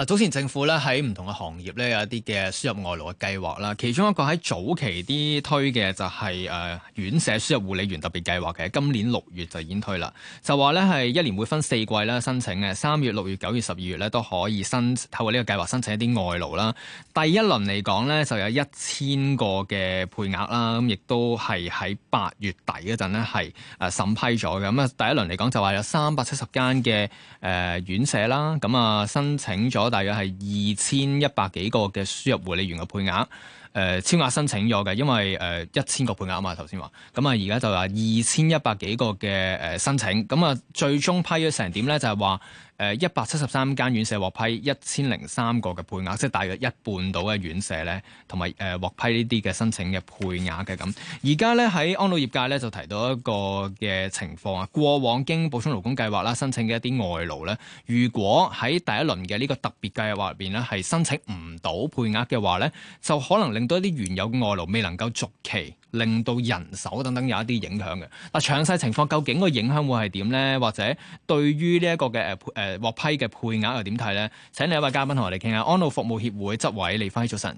嗱，早前政府咧喺唔同嘅行業咧有一啲嘅輸入外勞嘅計劃啦，其中一個喺早期啲推嘅就係誒院舍輸入護理員特別計劃嘅，今年六月就已經推啦。就話咧係一年會分四季咧申請嘅，三月、六月、九月、十二月咧都可以申透過呢個計劃申請一啲外勞啦。第一輪嚟講咧就有一千個嘅配額啦，咁亦都係喺八月底嗰陣咧係誒審批咗嘅。咁啊第一輪嚟講就話有三百七十間嘅誒院舍啦，咁啊申請咗。大約係二千一百幾個嘅輸入護理員嘅配額，誒、呃，超額申請咗嘅，因為誒一千個配額啊嘛，頭先話，咁啊而家就話二千一百幾個嘅誒申請，咁啊最終批咗成點咧，就係話。誒一百七十三間院舍獲批一千零三個嘅配額，即係大約一半到嘅院舍咧，同埋誒獲批呢啲嘅申請嘅配額嘅咁。而家咧喺安老業界咧就提到一個嘅情況啊，過往經補充勞工計劃啦申請嘅一啲外勞咧，如果喺第一輪嘅呢個特別計劃入邊咧係申請唔到配額嘅話咧，就可能令到一啲原有嘅外勞未能夠續期，令到人手等等有一啲影響嘅。嗱詳細情況究竟個影響會係點咧？或者對於呢一個嘅誒誒，呃獲批嘅配額又點睇咧？請另一位嘉賓同我哋傾下安老服務協會執委李輝，早晨。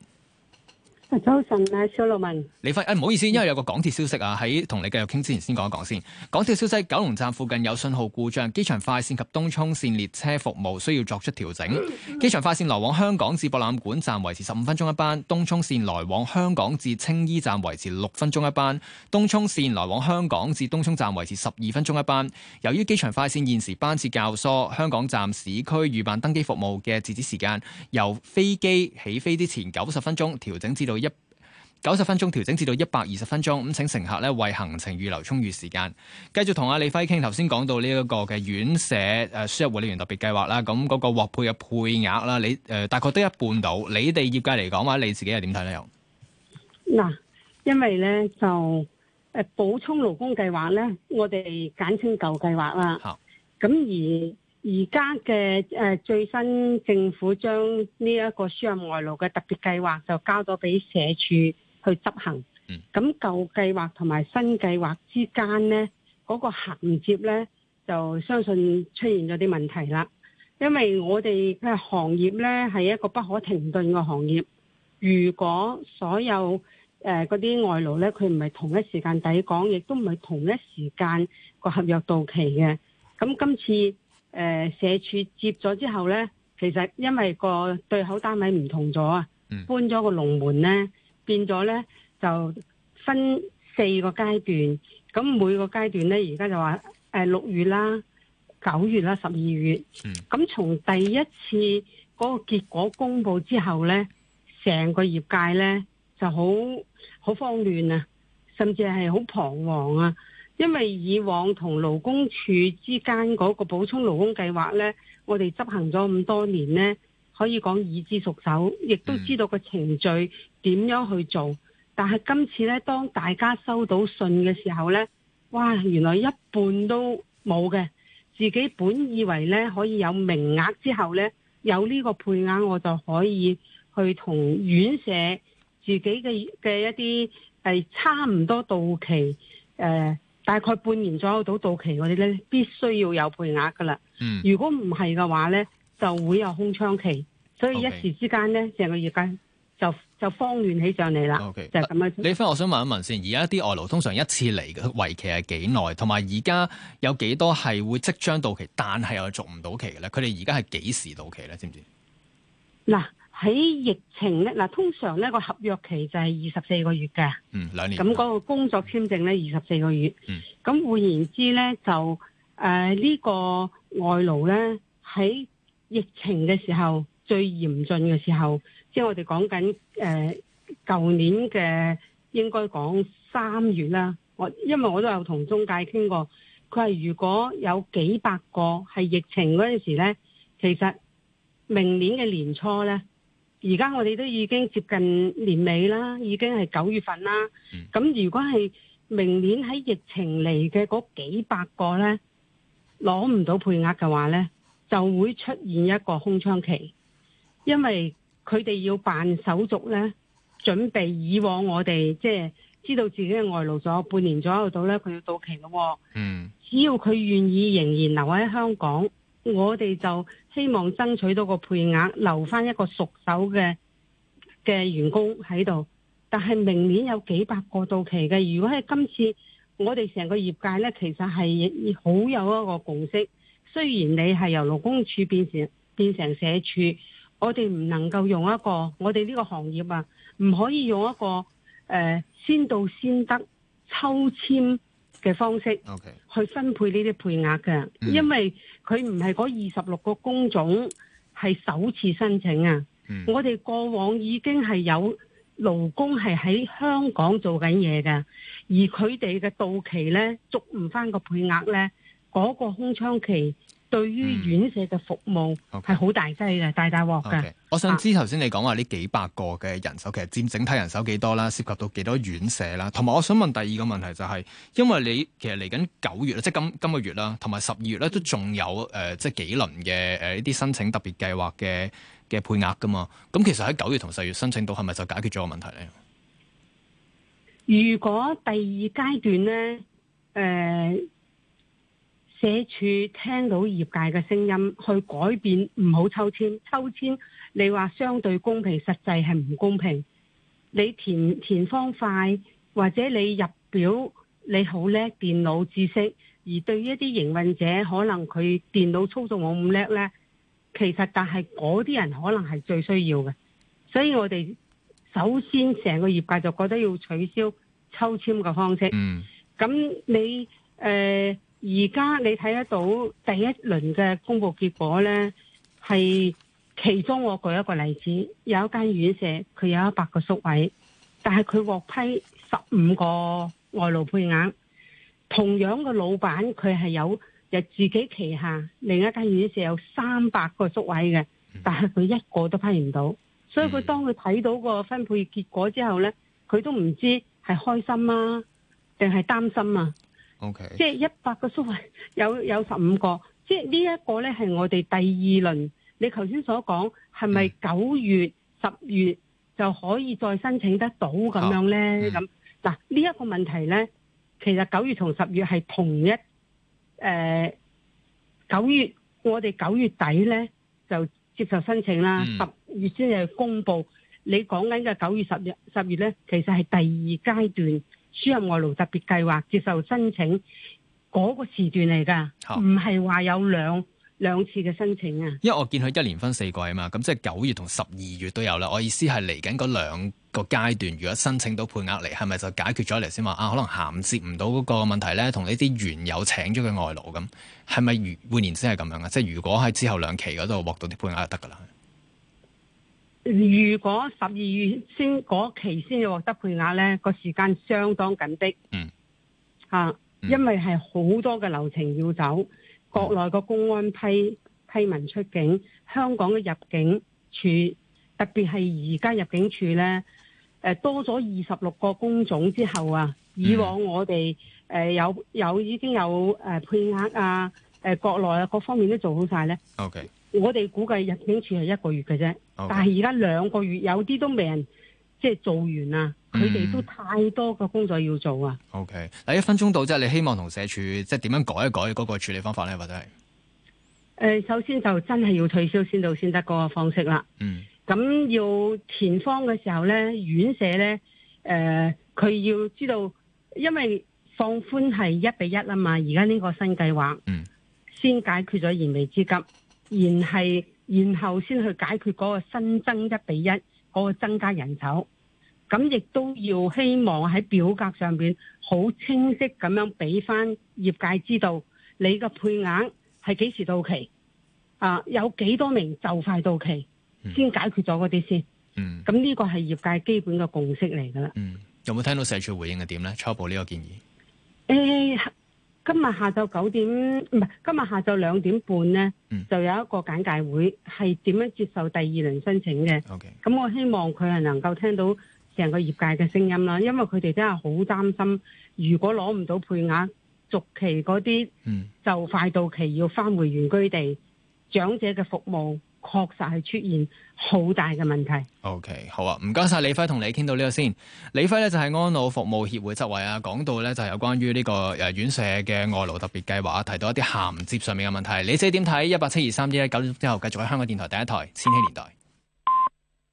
早晨啊，小羅文，李輝誒，唔好意思，因為有個港鐵消息啊，喺同你繼續傾之前先講一講先。港鐵消息：九龍站附近有信號故障，機場快線及東涌線列車服務需要作出調整。機場快線來往香港至博覽館站維持十五分鐘一班，東涌線來往香港至青衣站維持六分鐘一班，東涌線來往香港至東涌站維持十二分鐘一班。由於機場快線現時班次較疏，香港站市區預辦登機服務嘅截止時間由飛機起飛之前九十分鐘調整至到。九十分鐘調整至到一百二十分鐘，咁請乘客咧為行程預留充裕時間。繼續同阿李輝傾，頭先講到呢一個嘅院舍誒輸入護理員特別計劃啦，咁嗰個獲配嘅配額啦，你誒、呃、大概得一半到，你哋業界嚟講或你自己係點睇咧？又嗱，因為咧就誒補、呃、充勞工計劃咧，我哋簡稱舊計劃啦。咁、啊、而而家嘅誒最新政府將呢一個輸入外勞嘅特別計劃就交咗俾社署去執行，咁舊計劃同埋新計劃之間咧，嗰個銜接咧，就相信出現咗啲問題啦。因為我哋嘅行業咧係一個不可停頓嘅行業，如果所有誒嗰啲外勞咧，佢唔係同一時間抵港，亦都唔係同一時間個合約到期嘅，咁今次誒社署接咗之後咧，其實因為個對口單位唔同咗啊，搬咗個龍門咧。變咗咧，就分四個階段。咁每個階段咧，而家就話，誒六月啦、九月啦、十二月。咁從、嗯、第一次嗰個結果公布之後咧，成個業界咧就好好慌亂啊，甚至係好彷徨啊。因為以往同勞工處之間嗰個補充勞工計劃咧，我哋執行咗咁多年咧。可以講以知熟手，亦都知道個程序點樣去做。嗯、但係今次呢，當大家收到信嘅時候呢，哇！原來一半都冇嘅。自己本以為呢可以有名額之後呢，有呢個配額，我就可以去同院舍自己嘅嘅一啲係差唔多到期，誒、呃、大概半年左右到到期嗰啲呢，必須要有配額㗎喇、嗯。如果唔係嘅話呢，就會有空窗期，所以一時之間咧，成、okay. 個業界就就慌亂起上嚟啦。Okay. 就咁樣、啊。你翻，我想問一問先，而家啲外勞通常一次嚟嘅為期係幾耐？同埋而家有幾多係會即將到期，但係又續唔到期嘅咧？佢哋而家係幾時到期咧？知唔知？嗱、啊，喺疫情咧，嗱、啊，通常咧個合約期就係二十四個月嘅。嗯，兩年。咁、那、嗰個工作簽證咧，二十四個月。嗯。咁換言之咧，就誒呢、呃這個外勞咧喺疫情嘅時候最嚴峻嘅時候，即係我哋講緊誒，舊、呃、年嘅，應該講三月啦。我因為我都有同中介傾過，佢係如果有幾百個係疫情嗰陣時呢，其實明年嘅年初呢，而家我哋都已經接近年尾啦，已經係九月份啦。咁、嗯、如果係明年喺疫情嚟嘅嗰幾百個呢，攞唔到配額嘅話呢，就會出現一個空窗期，因為佢哋要辦手續呢，準備以往我哋即係知道自己嘅外勞咗半年左右到呢，佢要到期咯。嗯，只要佢願意仍然留喺香港，我哋就希望爭取到個配額，留翻一個熟手嘅嘅員工喺度。但係明年有幾百個到期嘅，如果係今次我哋成個業界呢，其實係好有一個共識。雖然你係由勞工處變成變成社署，我哋唔能夠用一個我哋呢個行業啊，唔可以用一個誒、呃、先到先得抽籤嘅方式去分配呢啲配額嘅，Okay. 因為佢唔係嗰二十六個工種係首次申請啊。Okay. 我哋過往已經係有勞工係喺香港做緊嘢嘅，而佢哋嘅到期呢，捉唔返個配額呢。嗰、那個空窗期對於院舍嘅服務係、嗯、好、okay. 大劑嘅，大大鑊嘅。我想知頭先你講話呢幾百個嘅人手，啊、其實佔整體人手幾多啦？涉及到幾多院舍啦？同埋，我想問第二個問題就係、是，因為你其實嚟緊九月即係、就是、今今個月啦，同埋十二月咧，都仲有誒、呃，即係幾輪嘅誒呢啲申請特別計劃嘅嘅配額㗎嘛？咁其實喺九月同十月申請到係咪就解決咗個問題咧？如果第二階段咧，誒、呃。社處聽到業界嘅聲音，去改變唔好抽籤。抽籤你話相對公平，實際係唔公平。你填填方塊，或者你入表你好叻電腦知識，而對於一啲營運者可能佢電腦操作冇咁叻呢，其實但係嗰啲人可能係最需要嘅。所以我哋首先成個業界就覺得要取消抽籤嘅方式。嗯，咁你誒？呃而家你睇得到第一輪嘅公布結果呢，係其中我舉一個例子，有一間院舍佢有一百個宿位，但係佢獲批十五個外勞配額。同樣嘅老闆，佢係有，有自己旗下另一間院舍有三百個宿位嘅，但係佢一個都批唔到。所以佢當佢睇到個分配結果之後呢，佢都唔知係開心啊，定係擔心啊？即係一百個宿位有有十五個，即係呢一個呢係我哋第二輪。你頭先所講係咪九月十月就可以再申請得到咁樣呢？咁嗱呢一個問題呢，其實九月同十月係同一誒。九、呃、九月我哋九月底呢就接受申請啦，十月先係公佈。Mm. 你講緊嘅九月十月十月咧，其實係第二階段。輸入外勞特別計劃接受申請嗰個時段嚟噶，唔係話有兩兩次嘅申請啊。因為我見佢一年分四季啊嘛，咁即係九月同十二月都有啦。我意思係嚟緊嗰兩個階段，如果申請到配額嚟，係咪就解決咗嚟先話啊？可能銜接唔到嗰個問題咧，同呢啲原有請咗嘅外勞咁，係咪半年先係咁樣啊？即係如果喺之後兩期嗰度獲到啲配額就得噶啦。如果十二月先嗰期先至獲得配額咧，個時間相當緊迫。嗯，吓、啊，因為係好多嘅流程要走，國內個公安批批文出境、香港嘅入境處，特別係而家入境處咧，誒多咗二十六個工種之後啊，以往我哋誒、呃、有有已經有誒、呃、配額啊。誒、呃、國內啊，各方面都做好晒咧。O、okay. K，我哋估計入境處係一個月嘅啫，okay. 但係而家兩個月，有啲都未人即係、就是、做完啊！佢、mm. 哋都太多嘅工作要做啊。O K，嗱一分鐘到，即係你希望同社署即係點樣改一改嗰個處理方法咧，或者係、呃、首先就真係要退銷先到先得嗰個方式啦。嗯，咁要前方嘅時候咧，院舍咧，誒、呃，佢要知道，因為放寬係一比一啊嘛，而家呢個新計劃。嗯、mm.。先解決咗燃眉之急，然係然後先去解決嗰個新增一比一嗰個增加人手，咁亦都要希望喺表格上邊好清晰咁樣俾翻業界知道你個配額係幾時到期，啊有幾多名就快到期，先解決咗嗰啲先。嗯，咁呢個係業界基本嘅共識嚟㗎啦。嗯，有冇聽到社署回應係點咧？初步呢個建議。誒、哎。今日下晝九點唔係，今日下晝兩點半呢、嗯，就有一個簡介會，係點樣接受第二輪申請嘅。咁、okay. 我希望佢係能夠聽到成個業界嘅聲音啦，因為佢哋真係好擔心，如果攞唔到配額，續期嗰啲、嗯、就快到期要返回原居地，長者嘅服務。確實係出現好大嘅問題。OK，好啊，唔該晒李輝，同你傾到呢度先。李輝咧就係、是、安老服務協會執委啊，講到咧就係、有關於呢個誒院舍嘅外勞特別計劃，提到一啲銜接上面嘅問題。你自己點睇？一八七二三一，九點鐘之後繼續喺香港電台第一台《千禧年代》。